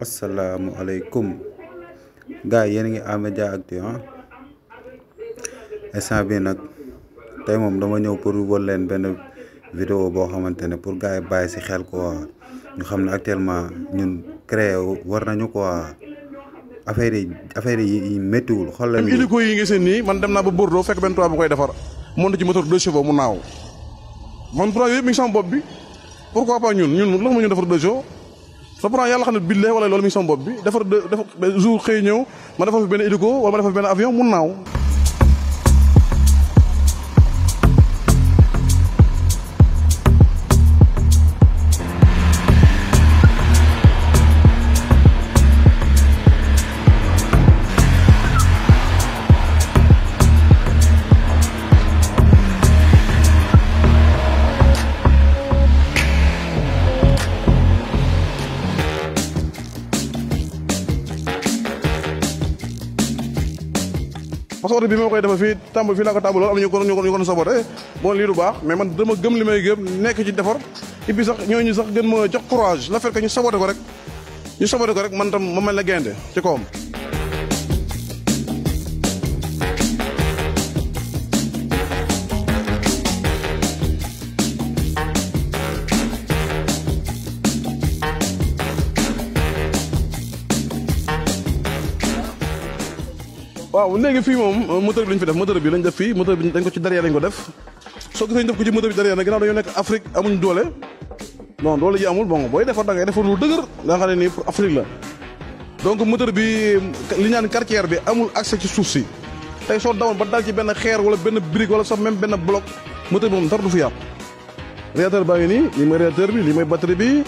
asalaamualeykum gars yi yéen a ngi Mediactu ah. instant bi nag tey moom dama ñëw pour wol leen benn vidéo boo xamante ne pour gars yi bàyyi si xel quoi ñu xam ne actuellement ñun créé war nañu quoi affaire yi affaire yi méttiwul xool leen hélico yi nga seen nii man dem naa ba Bordeaux fekk benn tubaab koy defar monte ci moteur deux chevaux mu naaw man projet yëpp mi ngi sama bopp bi pourquoi pas ñun ñun lox ma ñu defar deux comprends yàlla xam ne billahi wala loolu mi ngi sama bopp bi defar defar jour xëy ñëw ma defar fi benn hélico wala ma defar fi benn avion mun naaw parce que oto bi ma koy dafa fii tàmbali fii laa ko tàmbali am ñu ko ñu ko ñu ko saboté lii du baax mais man dama gëm may gëm nekk ci defar et puis sax ñooñu sax gën ma jox courage la fait que ñu saboté ko rek ñu saboté ko rek man tam ma mel ne gaynde ci kawam waaw léegi fii moom euh, moteur bi lañ fi def moteur bi lañ def fii moteur bi dañ ko ci derrière lañ ko def soo gisee ñu def ko ci moteur bi derrière nag ginnaaw dañoo nekk Afrique amuñ doole non doole ji amul bon booy defar da ngay defar lu dëgër nga xam ne nii pour Afrique la donc moteur bi li ñaan quartier bi amul accès ci suuf si tey soo dawoon ba dal ci benn xeer wala benn brique wala sax même benn bloc moteur bi moom dara du fi yàqu réacteur baa ngi nii lii mooy réacteur bi lii mooy batterie bi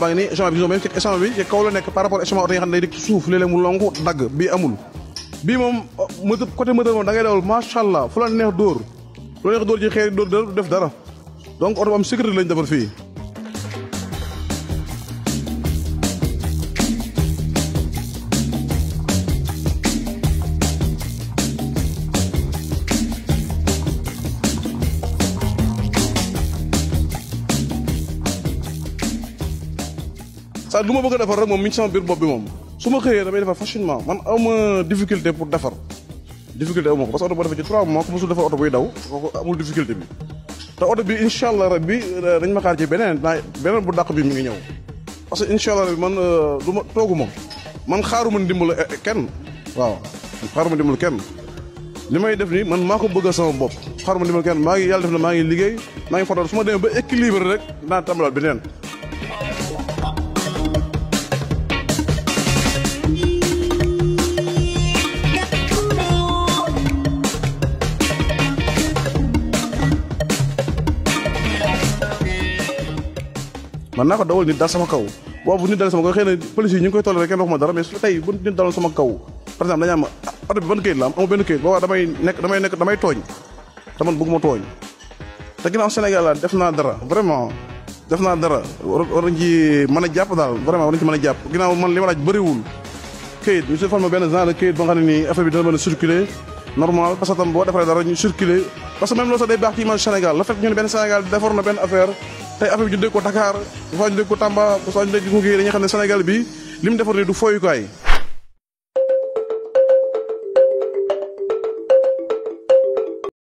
baa ngi nii bi même ci bi ci kaw la nekk par rapport oto yi xam ne day dikk suuf léeg-léeg mu dagg bii amul bii moom moto côté moto moom da ngay dawal macha allah fu la neex dóor loo neex dóor ci xeer dóor dóor def dara donc oto bu am sécurité lañ defar fii. saa lu ma bëgg a rek moom mi sama biir bopp bi moom. su ma xëyee damay defar facilement man aw ma pour defar difficulté aw ma ko parce que oto boo defee ci trois mois ku mosul defar oto buy daw kooku amul difficulté bi te oto bi incha allah rabbi dañ ma xaar ci beneen naa beneen bu daq bi mi ngi ñëw parce que incha allah rabbi man euh, du ma toogu ma man xaaruma ndimbal eh, eh, kenn waaw xaaruma ndimbal kenn li may def nii man maa ko bëggal sama bopp xaaruma ndimbal kenn maa ngi yàlla def na maa ngi liggéey maa ngi fotal su ma demee ba équilibre rek naa tàmbalaat beneen man naa ko dawal nit daal sama kaw boobu nit daal sama kaw xëy na police yi ñu ngi koy toléré kenn waxuma dara mais su bu nit daloon sama kaw par exemple dañu am ah, oto bi ban këyit la am def naa dara vraiment def naa dara war nañ ci mën a jàpp daal na war nañ ci mën a jàpp ma laaj bëriwul këyit ñu si formé benn de këyit ba nga xam ne a Sénégal la fekk benn Sénégal na benn affaire tey affaire bi ñu ko Dakar bu faa ñu ko Tamba bu faa ñu ko kii dañuy xam ne Sénégal bi li mu defar nii du fooyukaay